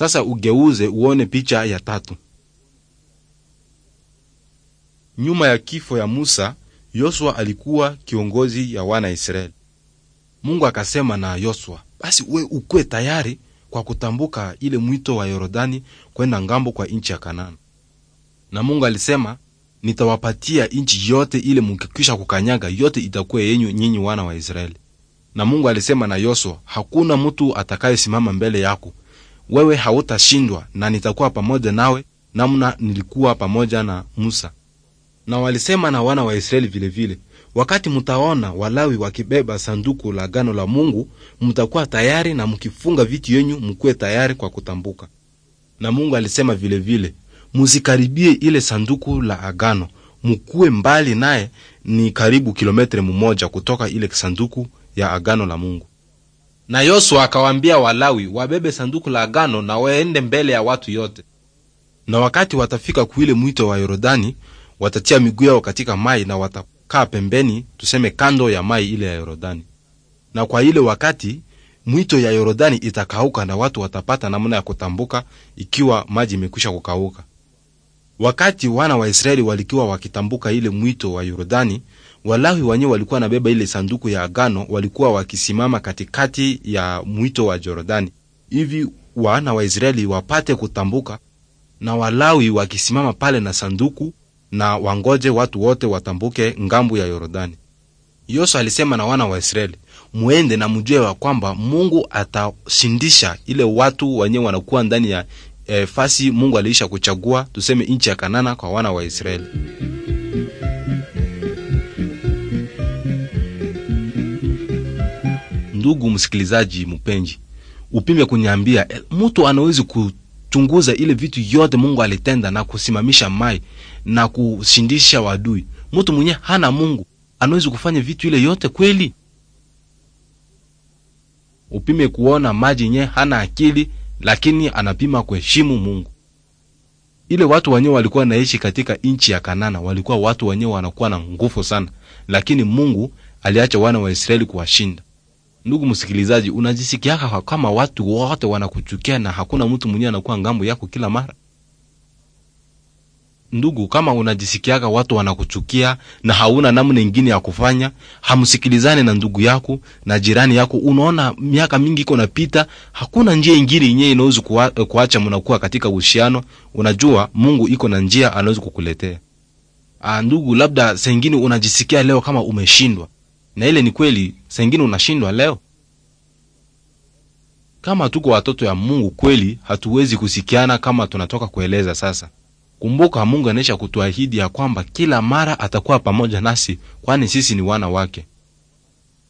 Sasa ugeuze uone picha ya tatu. Nyuma ya kifo ya Musa, Yosua alikuwa kiongozi ya wana Israeli. Mungu akasema na Yosua, basi uwe ukwe tayari kwa kutambuka ile mwito wa Yorodani kwenda ngambo kwa nchi ya Kanani. Na Mungu alisema, nitawapatia nchi yote ile, mukikwisha kukanyaga yote itakuwa yenyu nyinyi wana wa Israeli. Na Mungu alisema na Yosua, hakuna mtu atakayesimama mbele yako wewe hautashindwa na nitakuwa pamoja nawe namna nilikuwa pamoja na Musa. Na walisema na wana wa Israeli vilevile, wakati mutaona Walawi wakibeba sanduku la agano la Mungu, mutakuwa tayari, na mkifunga viti yenyu mkuwe tayari kwa kutambuka. Na Mungu alisema vilevile, musikaribie ile sanduku la agano, mkuwe mbali naye, ni karibu kilometre mmoja kutoka ile sanduku ya agano la Mungu. Na Yosua akawaambia Walawi wabebe sanduku la agano na waende mbele ya watu yote, na wakati watafika kuile mwito wa Yorodani watatia miguu yao katika mai na watakaa pembeni, tuseme kando ya mai ile ya Yorodani. Na kwa ile wakati mwito ya Yorodani itakauka na watu watapata namna ya kutambuka ikiwa maji imekwisha kukauka. Wakati wana wa Israeli walikuwa wakitambuka ile mwito wa Yorodani, Walawi wanye walikuwa wanabeba ile sanduku ya agano, walikuwa wakisimama katikati ya mwito wa Jordani hivi wana wa Israeli wapate kutambuka, na Walawi wakisimama pale na sanduku na wangoje watu wote watambuke ngambu ya Yordani. Yoswa alisema na wana wa Israeli, muende na mjue wa kwamba Mungu atashindisha ile watu wenyewe wanakuwa ndani ya e, fasi Mungu aliisha kuchagua tuseme nchi ya Kanana kwa wana wa Israeli. ndugu msikilizaji mpenji, upime kuniambia eh, mtu anawezi kuchunguza ile vitu yote Mungu alitenda na kusimamisha mai na kushindisha wadui. Mtu mwenye hana Mungu anawezi kufanya vitu ile yote kweli? Upime kuona maji nye hana akili, lakini anapima kuheshimu Mungu. Ile watu wenyewe walikuwa naishi katika nchi ya Kanana, walikuwa watu wenyewe wanakuwa na nguvu sana, lakini Mungu aliacha wana wa Israeli kuwashinda. Ndugu msikilizaji, unajisikiaka kama watu wote wanakuchukia na hakuna mtu mwenyewe anakuwa ngambo yako kila mara? Ndugu, kama unajisikiaka watu wanakuchukia na hauna namna ingine ya kufanya, hamsikilizane na ndugu yako na jirani yako. Unaona miaka mingi iko napita, hakuna njia ingine yenyewe inaweza kuwa, eh, kuacha mnakuwa katika uhusiano. Unajua Mungu iko na njia anaweza kukuletea. Ah, ndugu, labda sengine unajisikia leo kama umeshindwa na ile ni kweli, sengine unashindwa leo. Kama tuko watoto ya Mungu kweli, hatuwezi kusikiana kama tunatoka kueleza sasa. Kumbuka, Mungu anaisha kutuahidi ya kwamba kila mara atakuwa pamoja nasi, kwani sisi ni wana wake.